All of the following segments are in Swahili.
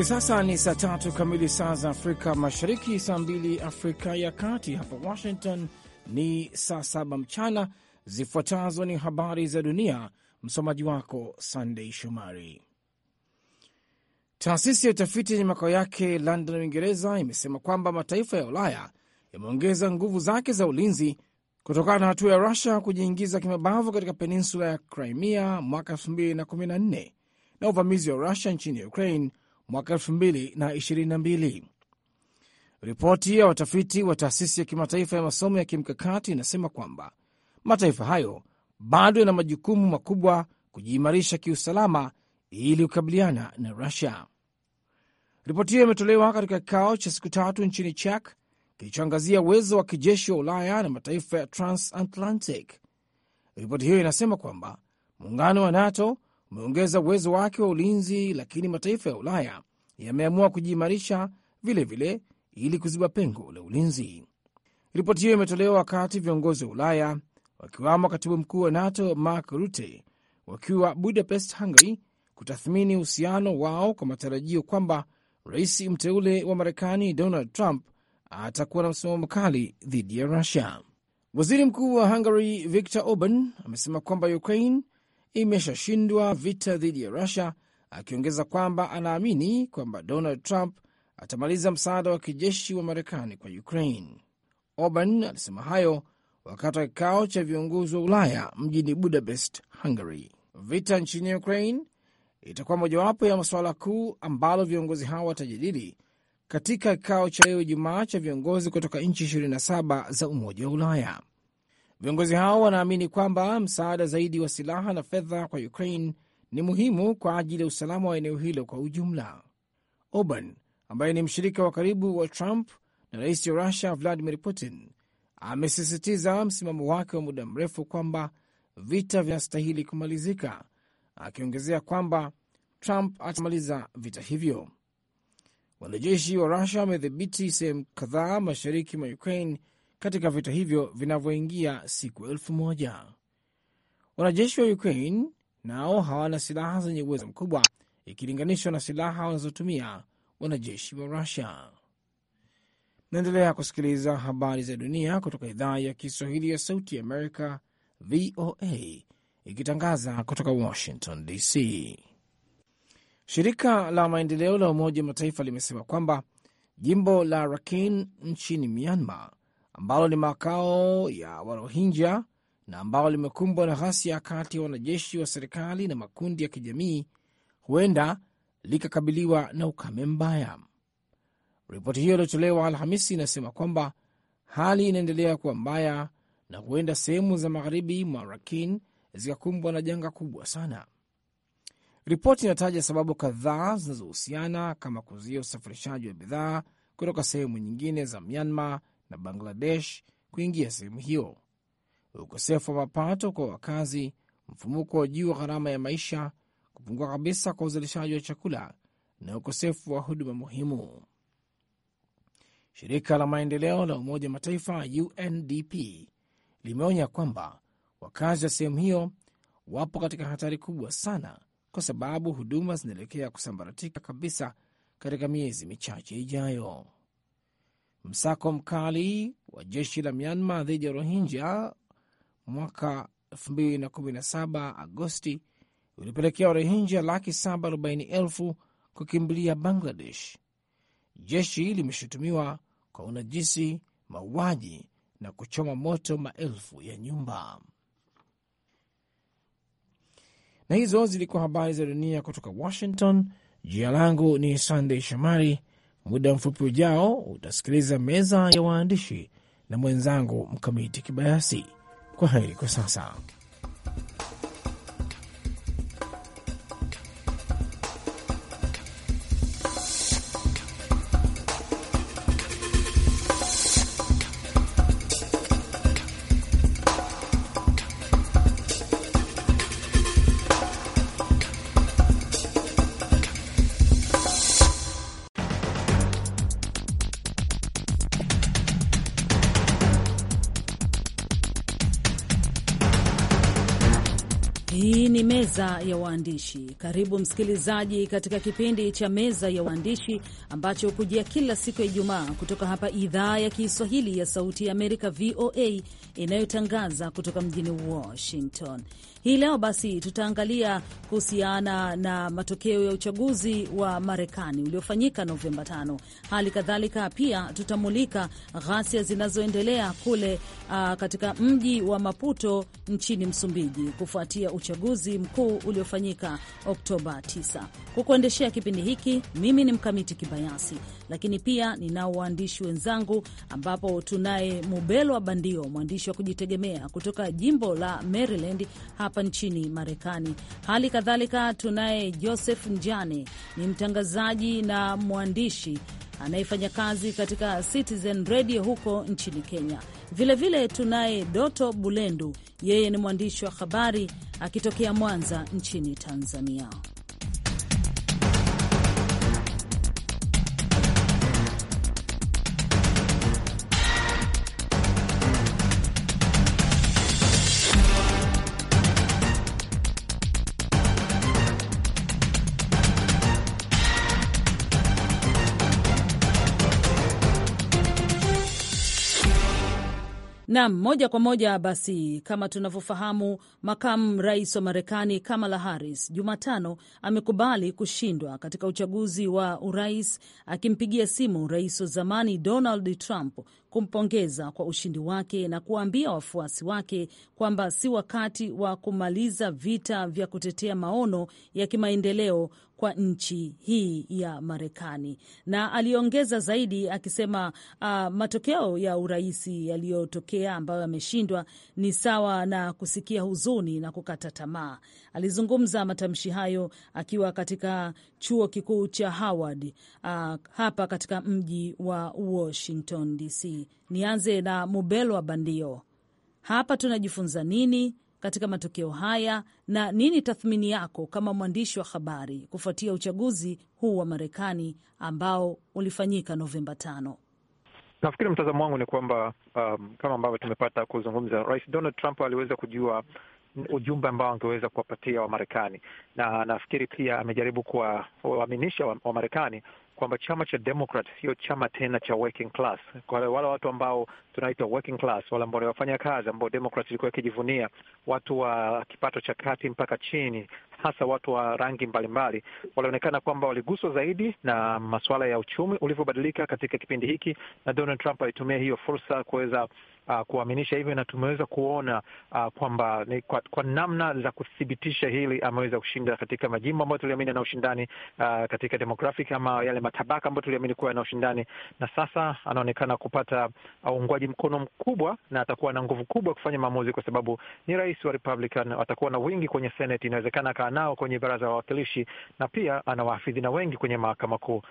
Hivi sasa ni saa tatu kamili saa za Afrika Mashariki, saa mbili Afrika ya Kati. Hapa Washington ni saa saba mchana. Zifuatazo ni habari za dunia, msomaji wako Sandei Shomari. Taasisi ya utafiti yenye makao yake London, Uingereza, imesema kwamba mataifa ya Ulaya yameongeza nguvu zake za ulinzi kutokana na hatua ya Rusia kujiingiza kimabavu katika peninsula ya Crimea mwaka 214 na uvamizi wa Rusia nchini Ukraine mwaka Ripoti ya watafiti wa taasisi ya kimataifa ya masomo ya kimkakati inasema kwamba mataifa hayo bado yana majukumu makubwa kujiimarisha kiusalama ili kukabiliana na Rusia. Ripoti hiyo imetolewa katika kikao cha siku tatu nchini Chak kilichoangazia uwezo wa kijeshi wa Ulaya na mataifa ya transatlantic. Ripoti hiyo inasema kwamba muungano wa NATO umeongeza uwezo wake wa ulinzi, lakini mataifa ya Ulaya yameamua kujiimarisha vilevile ili kuziba pengo la ulinzi. Ripoti hiyo imetolewa wakati viongozi wa Ulaya wakiwamo katibu mkuu wa NATO Mark Rutte wakiwa Budapest, Hungary, kutathmini uhusiano wao kwa matarajio kwamba rais mteule wa Marekani Donald Trump atakuwa na msimamo mkali dhidi ya Rusia. Waziri mkuu wa Hungary Viktor Orban amesema kwamba Ukraine imeshashindwa vita dhidi ya Rusia, akiongeza kwamba anaamini kwamba Donald Trump atamaliza msaada wa kijeshi wa Marekani kwa Ukraine. Orban alisema hayo wakati wa kikao cha viongozi wa Ulaya mjini Budapest, Hungary. Vita nchini Ukraine itakuwa mojawapo ya masuala kuu ambalo viongozi hao watajadili katika kikao cha leo Ijumaa cha viongozi kutoka nchi 27 za Umoja wa Ulaya. Viongozi hao wanaamini kwamba msaada zaidi wa silaha na fedha kwa Ukraine ni muhimu kwa ajili ya usalama wa eneo hilo kwa ujumla. oban ambaye ni mshirika wa karibu wa Trump na rais wa Rusia Vladimir Putin amesisitiza msimamo wake wa muda mrefu kwamba vita vinastahili kumalizika, akiongezea kwamba Trump atamaliza vita hivyo. Wanajeshi wa Rusia wamedhibiti sehemu kadhaa mashariki mwa Ukraine katika vita hivyo vinavyoingia siku elfu moja. Wanajeshi wa Ukraine nao hawana silaha zenye uwezo mkubwa ikilinganishwa na silaha wanazotumia wanajeshi wa Rusia. Naendelea kusikiliza habari za dunia kutoka idhaa ya Kiswahili ya Sauti ya Amerika, VOA, ikitangaza kutoka Washington DC. Shirika la maendeleo la Umoja wa Mataifa limesema kwamba jimbo la Rakhine nchini Myanmar ambalo ni makao ya Warohinja na ambalo limekumbwa na ghasia kati ya wanajeshi wa serikali na makundi ya kijamii, huenda likakabiliwa na ukame mbaya. Ripoti hiyo iliyotolewa Alhamisi inasema kwamba hali inaendelea kuwa mbaya na huenda sehemu za magharibi mwa Rakin zikakumbwa na janga kubwa sana. Ripoti inataja sababu kadhaa zinazohusiana kama kuzuia usafirishaji wa bidhaa kutoka sehemu nyingine za Myanmar na Bangladesh kuingia sehemu hiyo. Ukosefu wa mapato kwa wakazi, mfumuko wa juu wa gharama ya maisha, kupungua kabisa kwa uzalishaji wa chakula na ukosefu wa huduma muhimu. Shirika la maendeleo la Umoja wa Mataifa UNDP limeonya kwamba wakazi wa sehemu hiyo wapo katika hatari kubwa sana, kwa sababu huduma zinaelekea kusambaratika kabisa katika miezi michache ijayo. Msako mkali wa jeshi la Myanmar dhidi ya Rohingya mwaka 2017 Agosti ulipelekea Warohingya laki 740 kukimbilia Bangladesh. Jeshi limeshutumiwa kwa unajisi, mauaji na kuchoma moto maelfu ya nyumba. Na hizo zilikuwa habari za dunia kutoka Washington. Jina langu ni Sandey Shomari. Muda mfupi ujao utasikiliza meza ya waandishi na mwenzangu Mkamiti Kibayasi. Kwa heri kwa sasa. ya waandishi. Karibu msikilizaji katika kipindi cha meza ya waandishi ambacho hukujia kila siku ya Ijumaa kutoka hapa idhaa ya Kiswahili ya Sauti ya Amerika, VOA, inayotangaza kutoka mjini Washington. Hii leo basi tutaangalia kuhusiana na matokeo ya uchaguzi wa Marekani uliofanyika Novemba 5. Hali kadhalika pia tutamulika ghasia zinazoendelea kule uh, katika mji wa Maputo nchini Msumbiji kufuatia uchaguzi mkuu uliofanyika Oktoba 9. Kukuendeshea kipindi hiki mimi ni Mkamiti Kibayasi, lakini pia ninao waandishi wenzangu, ambapo tunaye Mubelwa Bandio, mwandishi wa kujitegemea kutoka jimbo la Maryland hapa nchini Marekani. Hali kadhalika tunaye Joseph Njane, ni mtangazaji na mwandishi anayefanya kazi katika Citizen Radio huko nchini Kenya. Vilevile tunaye Doto Bulendu, yeye ni mwandishi wa habari akitokea Mwanza nchini Tanzania. Nam, moja kwa moja basi, kama tunavyofahamu, makamu rais wa Marekani Kamala Harris Jumatano amekubali kushindwa katika uchaguzi wa urais, akimpigia simu rais wa zamani Donald Trump kumpongeza kwa ushindi wake na kuwaambia wafuasi wake kwamba si wakati wa kumaliza vita vya kutetea maono ya kimaendeleo kwa nchi hii ya Marekani. Na aliongeza zaidi akisema, uh, matokeo ya urahisi yaliyotokea ambayo yameshindwa ni sawa na kusikia huzuni na kukata tamaa. Alizungumza matamshi hayo akiwa katika chuo kikuu cha Howard uh, hapa katika mji wa Washington DC. Nianze na wa Bandio, hapa tunajifunza nini katika matokeo haya na nini tathmini yako kama mwandishi wa habari kufuatia uchaguzi huu wa Marekani ambao ulifanyika Novemba tano? Nafikiri mtazamo wangu ni kwamba um, kama ambavyo tumepata kuzungumza, Rais Donald Trump aliweza kujua ujumbe ambao angeweza kuwapatia Wamarekani, na nafikiri pia amejaribu kuwaaminisha Wamarekani kwamba chama cha demokrat sio chama tena cha working class. Kwa wale watu ambao tunaita working class, wale ambao ni wafanya kazi ambao Demokrat ilikuwa ikijivunia, watu wa kipato cha kati mpaka chini, hasa watu wa rangi mbalimbali, walionekana kwamba waliguswa zaidi na masuala ya uchumi ulivyobadilika katika kipindi hiki, na Donald Trump alitumia hiyo fursa kuweza uh, kuaminisha hivyo, na tumeweza kuona uh, kwamba kwa, kwa namna za kuthibitisha hili ameweza kushinda katika majimbo ambayo tuliamini na ushindani uh, katika demographic ama yale matabaka ambayo tuliamini kuwa yana ushindani, na sasa anaonekana kupata uungwaji uh, mkono mkubwa, na atakuwa na nguvu kubwa kufanya maamuzi, kwa sababu ni rais wa Republican, atakuwa na wingi kwenye Senate, inawezekana akaa nao kwenye baraza la wawakilishi, na pia ana na wengi kwenye mahakama kuu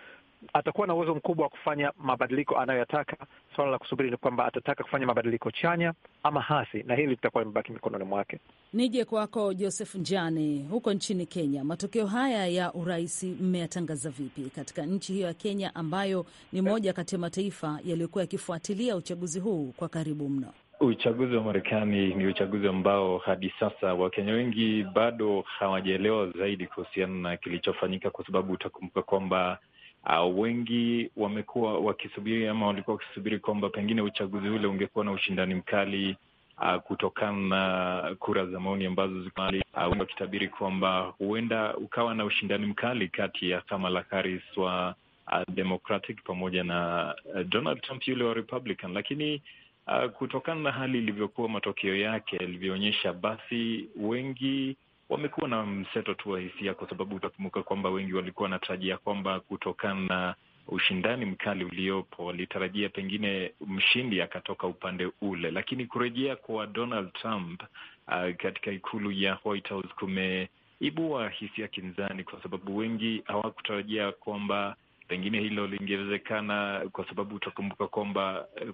atakuwa na uwezo mkubwa wa kufanya mabadiliko anayoyataka. Swala la kusubiri ni kwamba atataka kufanya mabadiliko chanya ama hasi, na hili litakuwa limebaki mikononi mwake. Nije kwako Joseph Njane, huko nchini Kenya, matokeo haya ya urais mmeyatangaza vipi katika nchi hiyo ya Kenya, ambayo ni moja kati ya mataifa yaliyokuwa yakifuatilia uchaguzi huu kwa karibu mno? Uchaguzi wa Marekani ni uchaguzi ambao hadi sasa Wakenya wengi bado hawajaelewa zaidi kuhusiana na kilichofanyika, kwa sababu utakumbuka kwamba Uh, wengi wamekuwa wakisubiri ama walikuwa wakisubiri kwamba pengine uchaguzi ule ungekuwa na ushindani mkali uh, kutokana na kura za maoni ambazo zikali, uh, ah, wakitabiri kwamba huenda ukawa na ushindani mkali kati ya Kamala Harris wa uh, Democratic pamoja na uh, Donald Trump yule wa Republican, lakini uh, kutokana na hali ilivyokuwa, matokeo yake yalivyoonyesha, basi wengi wamekuwa na mseto tu wa hisia, kwa sababu utakumbuka kwamba wengi walikuwa wanatarajia kwamba kutokana na ushindani mkali uliopo walitarajia pengine mshindi akatoka upande ule, lakini kurejea kwa Donald Trump uh, katika ikulu ya White House kumeibua hisia kinzani, kwa sababu wengi hawakutarajia kwamba pengine hilo lingewezekana, kwa sababu utakumbuka kwamba uh,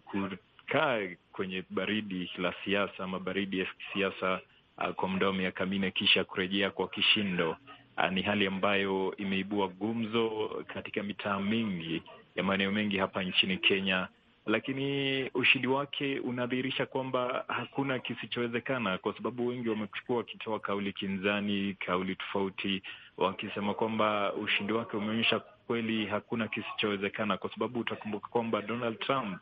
kukaa kwenye baridi la siasa ama baridi ya kisiasa uh, kwa muda wa miaka minne kisha kurejea kwa kishindo. Uh, ni hali ambayo imeibua gumzo katika mitaa mingi ya maeneo mengi hapa nchini Kenya, lakini ushindi wake unadhihirisha kwamba hakuna kisichowezekana, kwa sababu wengi wamekuwa wakitoa kauli kinzani, kauli tofauti, wakisema kwamba ushindi wake umeonyesha kweli hakuna kisichowezekana, kwa sababu utakumbuka kwamba Donald Trump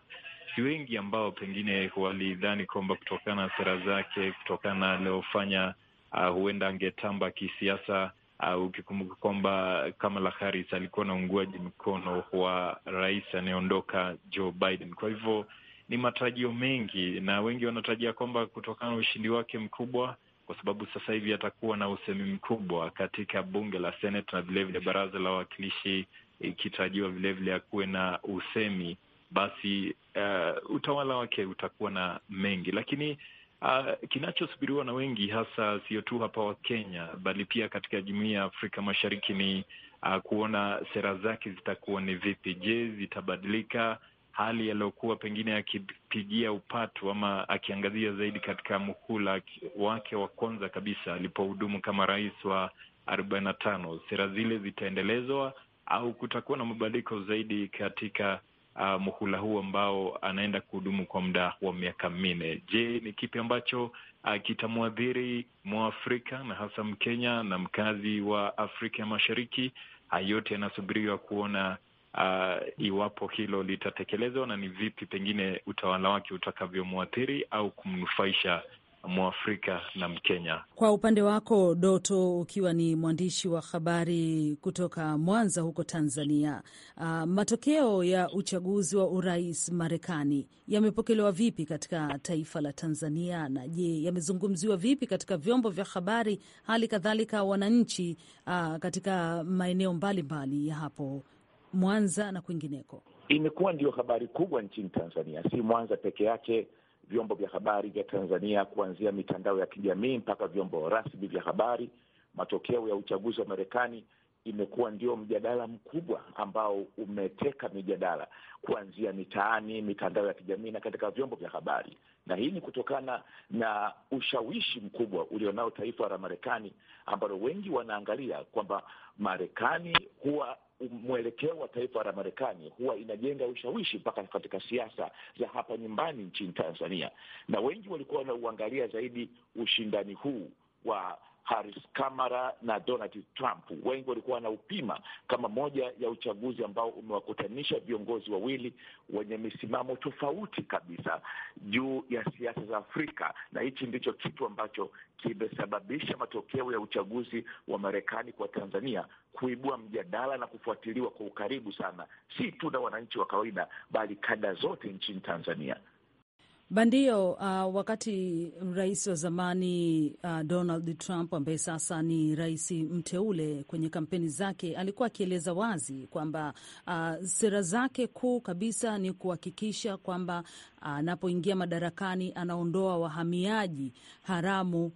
si wengi ambao pengine walidhani kwamba kutokana na sera zake, kutokana na aliofanya uh, huenda angetamba kisiasa. Uh, ukikumbuka kwamba Kamala Harris alikuwa na unguaji mkono wa rais anayeondoka Joe Biden. Kwa hivyo ni matarajio mengi, na wengi wanatarajia kwamba kutokana na ushindi wake mkubwa, kwa sababu sasa hivi atakuwa na usemi mkubwa katika bunge la Senate na vilevile baraza la wawakilishi, ikitarajiwa vilevile akuwe na usemi, basi uh, utawala wake utakuwa na mengi, lakini uh, kinachosubiriwa na wengi hasa sio tu hapa wa Kenya bali pia katika jumuiya ya Afrika Mashariki ni uh, kuona sera zake zitakuwa ni vipi. Je, zitabadilika hali yaliyokuwa pengine akipigia upatu ama akiangazia zaidi katika muhula wake wa kwanza kabisa alipohudumu kama rais wa arobaini na tano, sera zile zitaendelezwa au kutakuwa na mabadiliko zaidi katika uh, muhula huu ambao anaenda kuhudumu kwa muda wa miaka minne. Je, ni kipi ambacho uh, kitamwadhiri Mwafrika na hasa Mkenya na mkazi wa Afrika ya Mashariki? Uh, yote yanasubiriwa kuona uh, iwapo hilo litatekelezwa na ni vipi pengine utawala wake utakavyomwathiri au kumnufaisha Mwafrika na Mkenya. Kwa upande wako Doto, ukiwa ni mwandishi wa habari kutoka Mwanza huko Tanzania, uh, matokeo ya uchaguzi wa urais Marekani yamepokelewa vipi katika taifa la Tanzania? Na je, yamezungumziwa vipi katika vyombo vya habari, hali kadhalika wananchi uh, katika maeneo mbalimbali ya hapo Mwanza na kwingineko? Imekuwa ndio habari kubwa nchini Tanzania, si Mwanza peke yake vyombo vya habari vya Tanzania kuanzia mitandao ya kijamii mpaka vyombo rasmi vya habari. Matokeo ya uchaguzi wa Marekani imekuwa ndio mjadala mkubwa ambao umeteka mijadala kuanzia mitaani, mitandao ya kijamii na katika vyombo vya habari, na hii ni kutokana na ushawishi mkubwa ulionao taifa la Marekani, ambalo wengi wanaangalia kwamba Marekani huwa mwelekeo wa taifa la Marekani huwa inajenga ushawishi mpaka katika siasa za hapa nyumbani nchini Tanzania, na wengi walikuwa wanauangalia zaidi ushindani huu wa Haris Kamara na Donald Trump. Wengi walikuwa na upima kama moja ya uchaguzi ambao umewakutanisha viongozi wawili wenye misimamo tofauti kabisa juu ya siasa za Afrika, na hichi ndicho kitu ambacho kimesababisha matokeo ya uchaguzi wa Marekani kwa Tanzania kuibua mjadala na kufuatiliwa kwa ukaribu sana, si tu na wananchi wa kawaida, bali kada zote nchini Tanzania. Bandio, uh, wakati rais wa zamani uh, Donald Trump ambaye sasa ni rais mteule, kwenye kampeni zake alikuwa akieleza wazi kwamba uh, sera zake kuu kabisa ni kuhakikisha kwamba uh, anapoingia uh, madarakani anaondoa wahamiaji haramu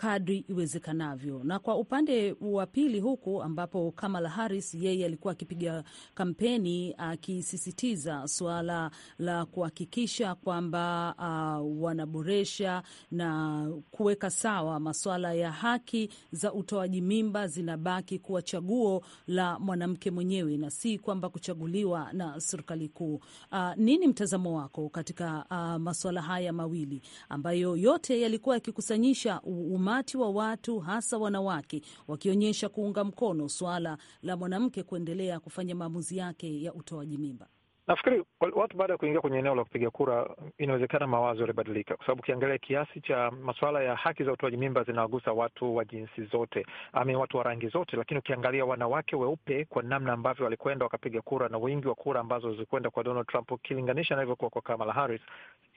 kadri iwezekanavyo. Na kwa upande wa pili huku ambapo Kamala Harris yeye alikuwa akipiga kampeni akisisitiza uh, suala la kuhakikisha kwamba uh, wanaboresha na kuweka sawa masuala ya haki za utoaji mimba zinabaki kuwa chaguo la mwanamke mwenyewe na si kwamba kuchaguliwa na serikali kuu. Uh, nini mtazamo wako katika uh, ah, masuala haya mawili ambayo yote yalikuwa yakikusanyisha um umati wa watu hasa wanawake wakionyesha kuunga mkono suala la mwanamke kuendelea kufanya maamuzi yake ya utoaji mimba? Nafikiri watu baada ya kuingia kwenye eneo la kupiga kura, inawezekana mawazo yalibadilika, kwa sababu ukiangalia kiasi cha masuala ya haki za utoaji mimba zinawagusa watu wa jinsi zote, ama watu wa rangi zote, lakini ukiangalia wanawake weupe kwa namna ambavyo walikwenda wakapiga kura na wingi wa kura ambazo zilikwenda kwa Donald Trump ukilinganisha na ilivyokuwa kwa Kamala Harris,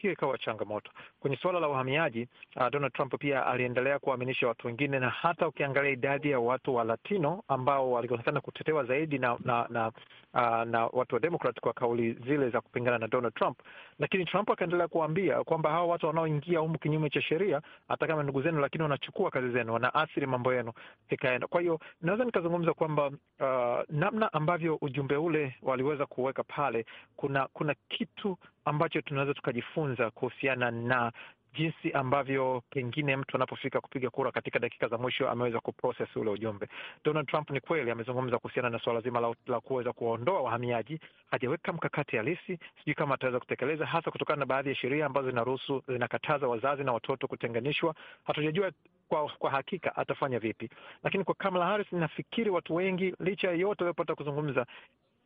hiyo ikawa changamoto. Kwenye suala la uhamiaji, uh, Donald Trump pia aliendelea kuwaaminisha watu wengine, na hata ukiangalia idadi ya watu wa Latino ambao walionekana kutetewa zaidi na na na, uh, na watu wa Democrat kwa kauli zile za kupingana na Donald Trump, lakini Trump akaendelea kuwaambia kwamba hawa watu wanaoingia humu kinyume cha sheria, hata kama ndugu zenu, lakini wanachukua kazi zenu, wanaathiri mambo yenu, ikaenda. Kwa hiyo naweza nikazungumza kwamba uh, namna ambavyo ujumbe ule waliweza kuweka pale, kuna kuna kitu ambacho tunaweza tukajifunza kuhusiana na jinsi ambavyo pengine mtu anapofika kupiga kura katika dakika za mwisho ameweza kuproses ule ujumbe. Donald Trump ni kweli amezungumza kuhusiana na suala zima la, la kuweza kuwaondoa wahamiaji, hajaweka mkakati halisi, sijui kama ataweza kutekeleza, hasa kutokana na baadhi ya sheria ambazo zinaruhusu, zinakataza wazazi na watoto kutenganishwa. Hatujajua kwa, kwa hakika atafanya vipi, lakini kwa Kamala Harris nafikiri watu wengi licha ya yote waliopata kuzungumza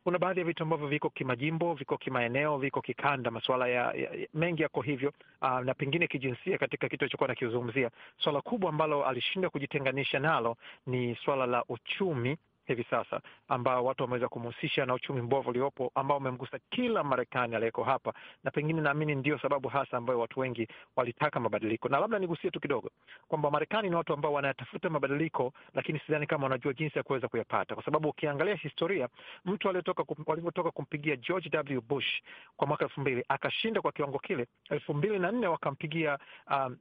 kuna baadhi ya vitu ambavyo viko kimajimbo, viko kimaeneo, viko kikanda, masuala ya, ya mengi yako hivyo uh, na pengine kijinsia katika kitu alichokuwa nakizungumzia. Swala kubwa ambalo alishindwa kujitenganisha nalo ni swala la uchumi hivi sasa ambao watu wameweza kumhusisha na uchumi mbovu uliopo ambao umemgusa kila Marekani aliyeko hapa, na pengine naamini ndiyo sababu hasa ambayo watu wengi walitaka mabadiliko. Na labda nigusie tu kidogo kwamba Marekani ni watu ambao wanayatafuta mabadiliko, lakini sidhani kama wanajua jinsi ya kuweza kuyapata, kwa sababu ukiangalia historia, mtu aliyetoka walivyotoka kumpigia George W. Bush kwa mwaka elfu mbili akashinda kwa kiwango kile, elfu mbili na nne wakampigia um,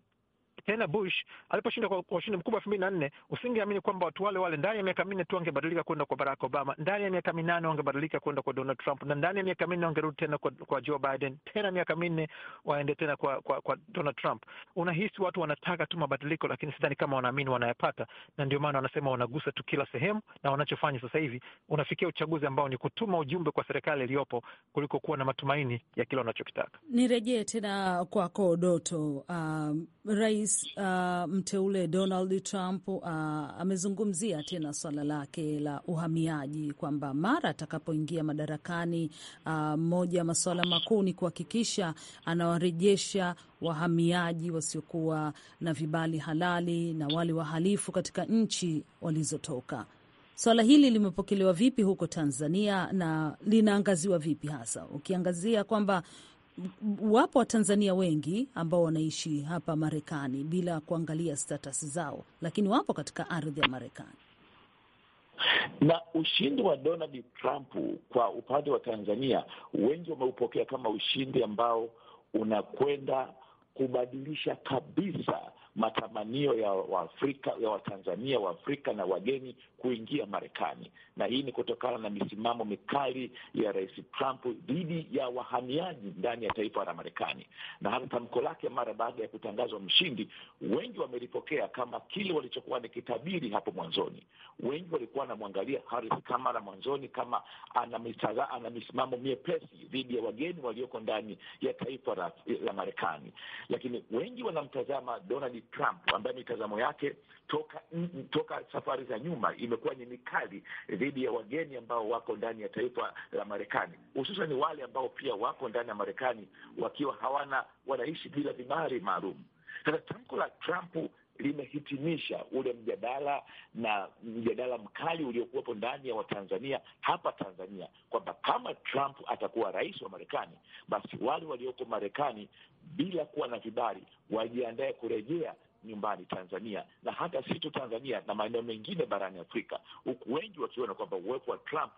tena Bush aliposhinda kwa ushindi mkubwa elfu mbili na nne, usingeamini kwamba watu wale wale ndani ya miaka minne tu wangebadilika kwenda kwa Barack Obama, ndani ya miaka minane wangebadilika kwenda kwa Donald Trump, na ndani ya miaka minne wangerudi tena kwa, kwa Joe Biden, tena miaka minne waende tena kwa, kwa, kwa Donald Trump. Unahisi watu wanataka tu mabadiliko, lakini sidhani kama wanaamini wanayapata, na ndio maana wanasema wanagusa tu kila sehemu, na wanachofanya sasa hivi unafikia uchaguzi ambao ni kutuma ujumbe kwa serikali iliyopo kuliko kuwa na matumaini ya kile wanachokitaka. Nirejee tena kwako Doto. Um, rais rais uh, mteule Donald Trump uh, amezungumzia tena swala lake la uhamiaji kwamba mara atakapoingia madarakani, uh, moja uh, ya masuala makuu ni kuhakikisha anawarejesha wahamiaji wasiokuwa na vibali halali na wale wahalifu katika nchi walizotoka. Swala hili limepokelewa vipi huko Tanzania na linaangaziwa vipi hasa, ukiangazia kwamba wapo Watanzania wengi ambao wanaishi hapa Marekani bila kuangalia status zao, lakini wapo katika ardhi ya Marekani. Na ushindi wa Donald Trump kwa upande wa Tanzania, wengi wameupokea kama ushindi ambao unakwenda kubadilisha kabisa matamanio ya Waafrika ya Watanzania Waafrika na wageni kuingia Marekani, na hii ni kutokana na misimamo mikali ya Rais Trump dhidi ya wahamiaji ndani ya taifa la Marekani. Na hata tamko lake mara baada ya kutangazwa mshindi, wengi wamelipokea kama kile walichokuwa ni kitabiri hapo mwanzoni. Wengi walikuwa wanamwangalia Harris Kamala mwanzoni kama ana ana misimamo miepesi dhidi ya wageni walioko ndani ya taifa la, la Marekani, lakini wengi wanamtazama Donald Trump ambaye mitazamo yake toka toka safari za nyuma ime imekuwa ni mikali dhidi ya wageni ambao wako ndani ya taifa la Marekani, hususan wale ambao pia wako ndani ya Marekani wakiwa hawana wanaishi bila vibali maalum. Sasa tamko la Trump limehitimisha ule mjadala na mjadala mkali uliokuwepo ndani ya Watanzania hapa Tanzania kwamba kama Trump atakuwa rais wa Marekani, basi wale walioko Marekani bila kuwa na vibali wajiandae kurejea nyumbani Tanzania na hata si tu Tanzania na maeneo mengine barani Afrika, huku wengi wakiona kwamba uwepo wa Trump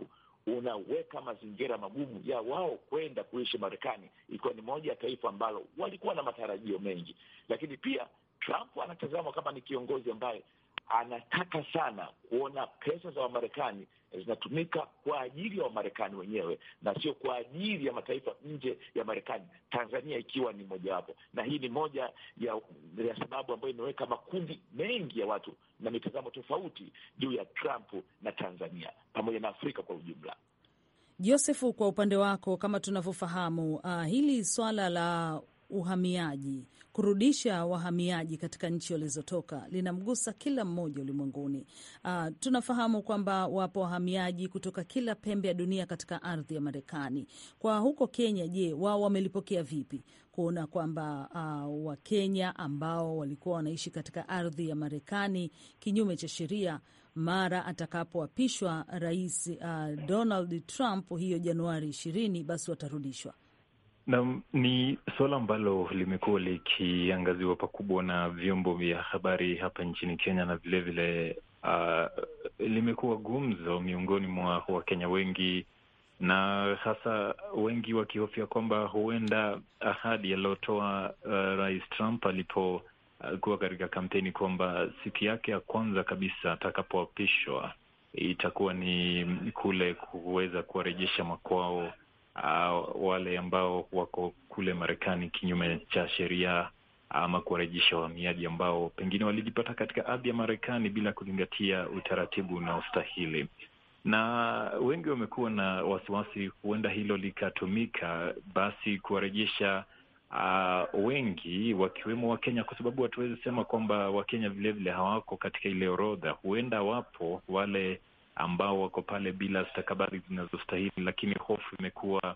unaweka mazingira magumu ya wao kwenda kuishi Marekani, ikiwa ni moja ya taifa ambalo walikuwa na matarajio mengi, lakini pia Trump anatazamwa kama ni kiongozi ambaye anataka sana kuona pesa za Wamarekani zinatumika kwa ajili ya Wamarekani wenyewe na sio kwa ajili ya mataifa nje ya Marekani, Tanzania ikiwa ni mojawapo. Na hii ni moja ya, ya sababu ambayo imeweka makundi mengi ya watu na mitazamo tofauti juu ya Trump na Tanzania pamoja na Afrika kwa ujumla. Josefu, kwa upande wako, kama tunavyofahamu, uh, hili swala la uhamiaji, kurudisha wahamiaji katika nchi walizotoka linamgusa kila mmoja ulimwenguni. Uh, tunafahamu kwamba wapo wahamiaji kutoka kila pembe ya dunia katika ardhi ya Marekani. Kwa huko Kenya, je, wao wamelipokea vipi kuona kwamba uh, ah, Wakenya ambao walikuwa wanaishi katika ardhi ya Marekani kinyume cha sheria mara atakapoapishwa Rais uh, Donald Trump hiyo Januari ishirini, basi watarudishwa Naam, ni suala ambalo limekuwa likiangaziwa pakubwa na vyombo vya habari hapa nchini Kenya na vilevile uh, ah, limekuwa gumzo miongoni mwa Wakenya wengi na hasa wengi wakihofia kwamba huenda ahadi aliyotoa uh, Rais Trump alipokuwa uh, katika kampeni kwamba siku yake ya kwanza kabisa atakapoapishwa itakuwa ni kule kuweza kuwarejesha makwao uh, wale ambao wako kule Marekani kinyume cha sheria ama kuwarejesha wahamiaji ambao pengine walijipata katika ardhi ya Marekani bila kuzingatia utaratibu unaostahili. Na wengi wamekuwa na wasiwasi, huenda hilo likatumika basi kuwarejesha uh, wengi wakiwemo Wakenya, kwa sababu hatuwezi sema kwamba Wakenya vilevile hawako katika ile orodha. Huenda wapo wale ambao wako pale bila stakabadhi zinazostahili, lakini hofu imekuwa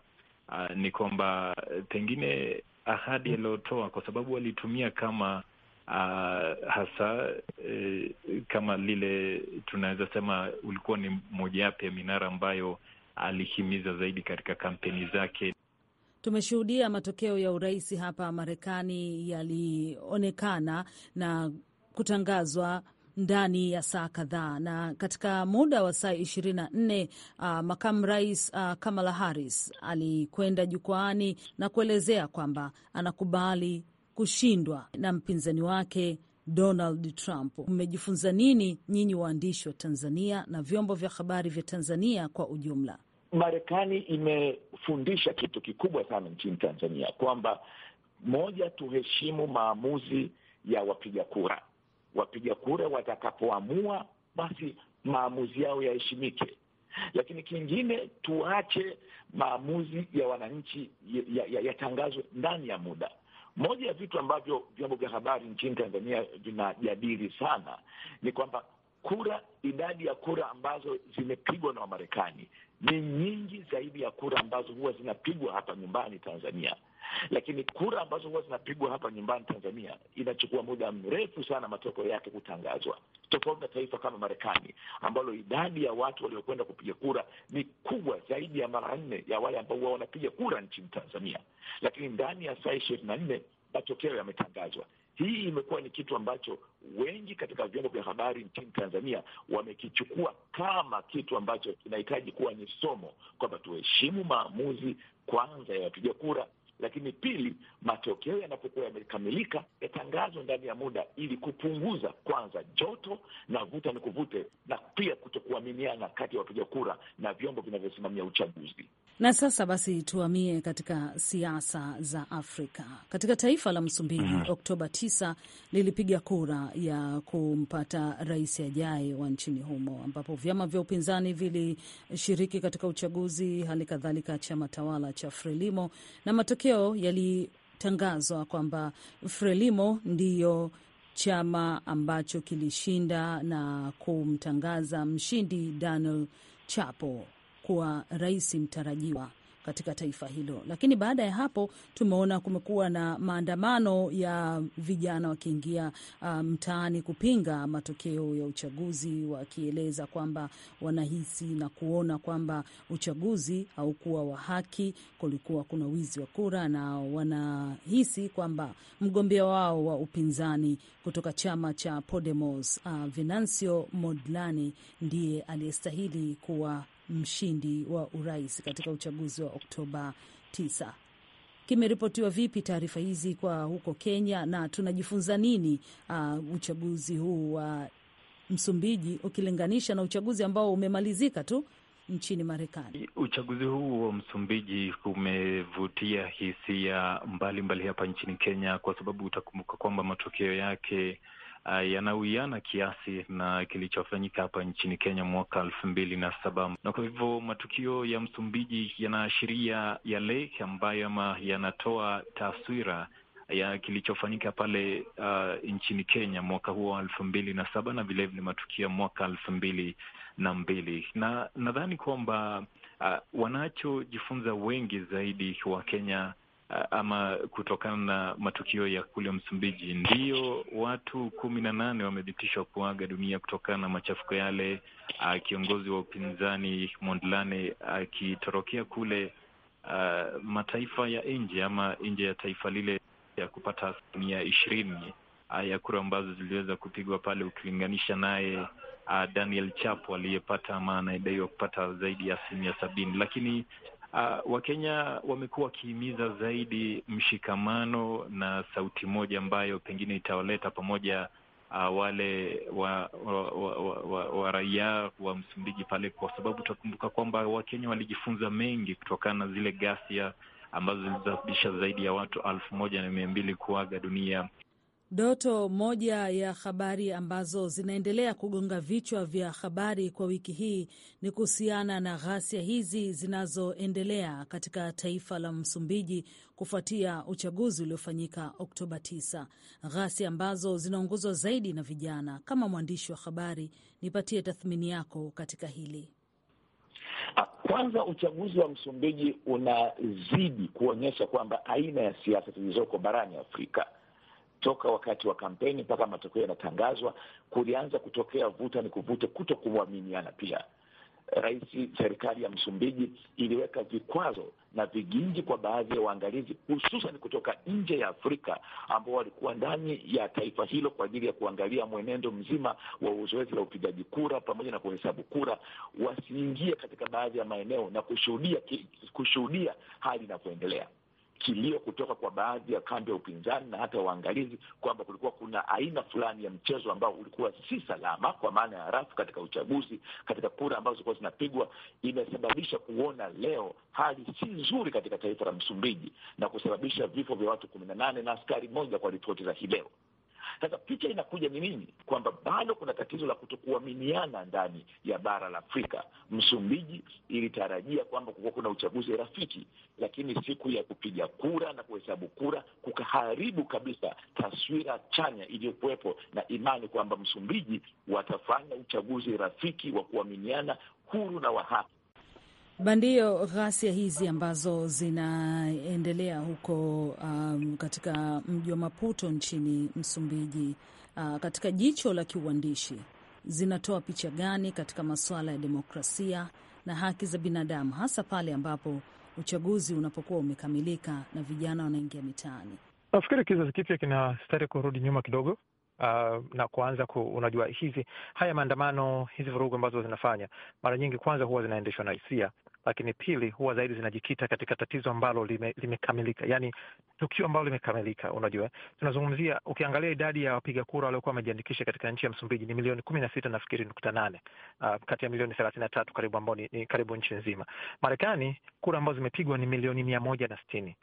uh, ni kwamba pengine ahadi mm. aliyotoa kwa sababu walitumia kama Uh, hasa eh, kama lile tunaweza sema ulikuwa ni mojawapo ya minara ambayo alihimiza zaidi katika kampeni zake. Tumeshuhudia matokeo ya urais hapa Marekani yalionekana na kutangazwa ndani ya saa kadhaa, na katika muda wa saa ishirini na nne uh, makamu rais uh, Kamala Harris alikwenda jukwaani na kuelezea kwamba anakubali kushindwa na mpinzani wake Donald Trump. Mmejifunza nini nyinyi waandishi wa Tanzania na vyombo vya habari vya Tanzania kwa ujumla? Marekani imefundisha kitu kikubwa sana nchini Tanzania kwamba moja, tuheshimu maamuzi ya wapiga kura wapiga kura watakapoamua, basi maamuzi yao yaheshimike. Lakini kingine, tuache maamuzi ya wananchi yatangazwe ya, ya ndani ya muda. Moja ya vitu ambavyo vyombo vya habari nchini Tanzania vinajadili sana ni kwamba kura, idadi ya kura ambazo zimepigwa na Wamarekani ni nyingi zaidi ya kura ambazo huwa zinapigwa hapa nyumbani Tanzania, lakini kura ambazo huwa zinapigwa hapa nyumbani Tanzania inachukua muda mrefu sana matokeo yake kutangazwa, tofauti na taifa kama Marekani ambalo idadi ya watu waliokwenda kupiga kura ni kubwa zaidi ya mara nne ya wale ambao huwa wanapiga kura nchini Tanzania, lakini ndani ya saa ishirini na nne matokeo yametangazwa. Hii imekuwa ni kitu ambacho wengi katika vyombo vya habari nchini Tanzania wamekichukua kama kitu ambacho kinahitaji kuwa ni somo kwamba tuheshimu maamuzi kwanza ya wapiga kura lakini pili, matokeo yanapokuwa yamekamilika yatangazwa ndani ya muda, ili kupunguza kwanza joto na vuta ni kuvute, na pia kutokuaminiana kati ya wapiga kura na vyombo vinavyosimamia uchaguzi. Na sasa basi tuamie katika siasa za Afrika. Katika taifa la Msumbiji, mm -hmm. Oktoba 9 lilipiga kura ya kumpata rais ajaye wa nchini humo, ambapo vyama vya upinzani vilishiriki katika uchaguzi, hali kadhalika chama tawala cha Frelimo na matokeo matokeo yalitangazwa kwamba Frelimo ndiyo chama ambacho kilishinda na kumtangaza mshindi Daniel Chapo kuwa rais mtarajiwa katika taifa hilo. Lakini baada ya hapo tumeona kumekuwa na maandamano ya vijana wakiingia uh, mtaani um, kupinga matokeo ya uchaguzi, wakieleza kwamba wanahisi na kuona kwamba uchaguzi haukuwa wa haki, kulikuwa kuna wizi wa kura, na wanahisi kwamba mgombea wao wa upinzani kutoka chama cha Podemos uh, Venancio Modlani ndiye aliyestahili kuwa mshindi wa urais katika uchaguzi wa Oktoba 9. Kimeripotiwa vipi taarifa hizi kwa huko Kenya na tunajifunza nini uh, uchaguzi huu wa uh, Msumbiji ukilinganisha na uchaguzi ambao umemalizika tu nchini Marekani. Uchaguzi huu wa Msumbiji umevutia hisia mbalimbali hapa nchini Kenya, kwa sababu utakumbuka kwamba matokeo yake uh, ah, yanawiana kiasi na kilichofanyika hapa nchini Kenya mwaka elfu mbili na saba, na kwa hivyo matukio ya Msumbiji yanaashiria yale ambayo ama yanatoa taswira ya kilichofanyika pale uh, nchini Kenya mwaka huo wa elfu mbili na saba na vilevile matukio ya mwaka elfu mbili na mbili na nadhani kwamba uh, wanachojifunza wengi zaidi wa Kenya ama kutokana na matukio ya kule Msumbiji, ndiyo watu kumi na nane wamethibitishwa kuaga dunia kutokana na machafuko yale, kiongozi wa upinzani Mondlane akitorokea kule uh, mataifa ya nje ama nje ya taifa lile ya kupata asilimia ishirini ya kura ambazo ziliweza kupigwa pale, ukilinganisha naye Daniel Chapo aliyepata ama anayedaiwa kupata zaidi ya asilimia sabini. Lakini Uh, Wakenya wamekuwa wakihimiza zaidi mshikamano na sauti moja ambayo pengine itawaleta pamoja uh, wale wa, wa, wa, wa, wa, wa raia wa Msumbiji pale, kwa sababu tutakumbuka kwamba Wakenya walijifunza mengi kutokana na zile ghasia ambazo zilisababisha zaidi ya watu elfu moja na mia mbili kuaga dunia Doto, moja ya habari ambazo zinaendelea kugonga vichwa vya habari kwa wiki hii ni kuhusiana na ghasia hizi zinazoendelea katika taifa la Msumbiji kufuatia uchaguzi uliofanyika Oktoba 9, ghasia ambazo zinaongozwa zaidi na vijana. Kama mwandishi wa habari, nipatie tathmini yako katika hili. Ah, kwanza, uchaguzi wa Msumbiji unazidi kuonyesha kwamba aina ya siasa zilizoko barani Afrika toka wakati wa kampeni mpaka matokeo yanatangazwa, kulianza kutokea vuta ni kuvute, kuto kuwaminiana Pia rais, serikali ya Msumbiji iliweka vikwazo na vigingi kwa baadhi ya waangalizi, hususan kutoka nje ya Afrika ambao walikuwa ndani ya taifa hilo kwa ajili ya kuangalia mwenendo mzima wa uzoezi la upigaji kura pamoja na kuhesabu kura, wasiingie katika baadhi ya maeneo na kushuhudia, kushuhudia hali inavyoendelea kilio kutoka kwa baadhi ya kambi ya upinzani na hata waangalizi kwamba kulikuwa kuna aina fulani ya mchezo ambao ulikuwa si salama, kwa maana ya rafu katika uchaguzi, katika kura ambazo zilikuwa zinapigwa, imesababisha kuona leo hali si nzuri katika taifa la Msumbiji na kusababisha vifo vya watu kumi na nane na askari moja kwa ripoti za hii leo. Sasa picha inakuja ni nini? Kwamba bado kuna tatizo la kutokuaminiana ndani ya bara la Afrika. Msumbiji ilitarajia kwamba kukuwa kuna uchaguzi rafiki, lakini siku ya kupiga kura na kuhesabu kura kukaharibu kabisa taswira chanya iliyokuwepo na imani kwamba Msumbiji watafanya uchaguzi rafiki wa kuaminiana, huru na wa haki. Bandio, ghasia hizi ambazo zinaendelea huko um, katika mji wa Maputo nchini Msumbiji, uh, katika jicho la kiuandishi zinatoa picha gani katika masuala ya demokrasia na haki za binadamu, hasa pale ambapo uchaguzi unapokuwa umekamilika na vijana wanaingia mitaani? Nafikiri kizazi kipya kinastari kurudi nyuma kidogo. Uh, na kuanza ku, unajua hizi haya maandamano hizi vurugu ambazo zinafanya mara nyingi kwanza huwa zinaendeshwa na hisia lakini pili, huwa zaidi zinajikita katika tatizo ambalo lime, limekamilika, yani tukio ambalo limekamilika. Unajua, tunazungumzia ukiangalia idadi ya wapiga kura waliokuwa wamejiandikisha katika nchi ya Msumbiji ni milioni kumi na sita nafikiri nukta nane uh, kati ya milioni thelathini na tatu karibu ambao ni, ni karibu nchi nzima. Marekani kura ambazo zimepigwa ni milioni mia moja na sitini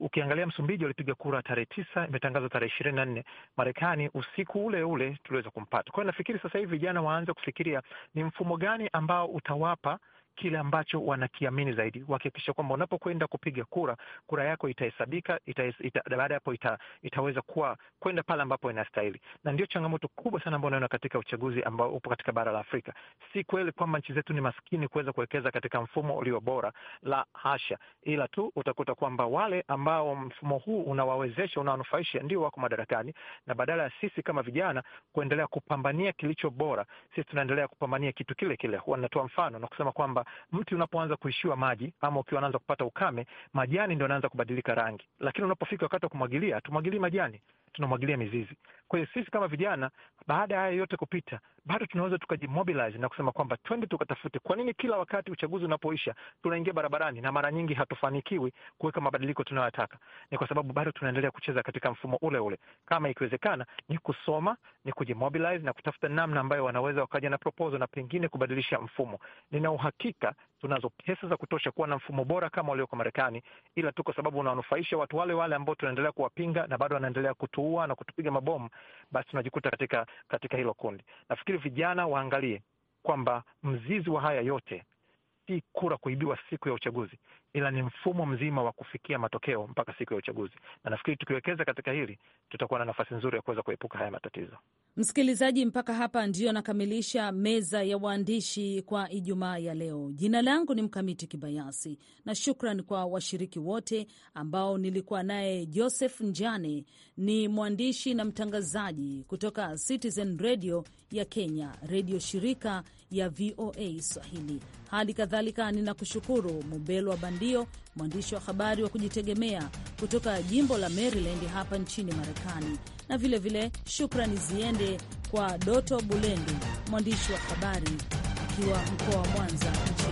Ukiangalia Msumbiji walipiga kura tarehe tisa, imetangazwa tarehe ishirini na nne. Marekani usiku ule ule tuliweza kumpata. Kwa hiyo nafikiri sasa hivi vijana waanze kufikiria ni mfumo gani ambao utawapa kile ambacho wanakiamini zaidi, wakihakikisha kwamba unapokwenda kupiga kura, kura yako itahesabika ita, ita, baada ya hapo ita, itaweza kuwa kwenda pale ambapo inastahili, na ndio changamoto kubwa sana ambayo unaona katika uchaguzi ambao upo katika bara la Afrika. Si kweli kwamba nchi zetu ni maskini kuweza kuwekeza katika mfumo ulio bora, la hasha, ila tu utakuta kwamba wale ambao mfumo huu unawawezesha unawanufaisha ndio wako madarakani, na badala ya sisi kama vijana kuendelea kupambania kilicho bora, sisi tunaendelea kupambania kitu kile kile. Wanatoa mfano na kusema kwamba mti unapoanza kuishiwa maji ama ukiwa anaanza kupata ukame, majani ndio anaanza kubadilika rangi, lakini unapofika wakati wa kumwagilia, tumwagilie majani, tunamwagilia mizizi. Kwa hiyo sisi kama vijana, baada ya haya yote kupita, bado tunaweza tukajimobilize na kusema kwamba twende tukatafute. Kwa nini kila wakati uchaguzi unapoisha tunaingia barabarani na mara nyingi hatufanikiwi kuweka mabadiliko tunayoyataka? Ni kwa sababu bado tunaendelea kucheza katika mfumo ule ule. Kama ikiwezekana, ni kusoma, ni kujimobilize na kutafuta namna ambayo wanaweza wakaja na proposal na pengine kubadilisha mfumo. Nina uhakika tunazo pesa za kutosha kuwa na mfumo bora kama walioko Marekani, ila tu kwa sababu unawanufaisha watu wale wale ambao tunaendelea kuwapinga na bado wanaendelea kutuua na kutupiga mabomu, basi tunajikuta katika katika hilo kundi. Nafikiri ili vijana waangalie kwamba mzizi wa haya yote si kura kuibiwa siku ya uchaguzi, ila ni mfumo mzima wa kufikia matokeo mpaka siku ya uchaguzi, na nafikiri tukiwekeza katika hili tutakuwa na nafasi nzuri ya kuweza kuepuka haya matatizo. Msikilizaji, mpaka hapa ndiyo nakamilisha meza ya waandishi kwa Ijumaa ya leo. Jina langu ni Mkamiti Kibayasi, na shukran kwa washiriki wote ambao nilikuwa naye. Joseph Njane ni mwandishi na mtangazaji kutoka Citizen Radio ya Kenya, redio shirika ya VOA Swahili. Hali kadhalika ninakushukuru Mubelwa Bandi redio, mwandishi wa habari wa kujitegemea kutoka jimbo la Maryland hapa nchini Marekani, na vilevile vile, shukrani ziende kwa Doto Bulendi, mwandishi wa habari akiwa mkoa wa Mwanza.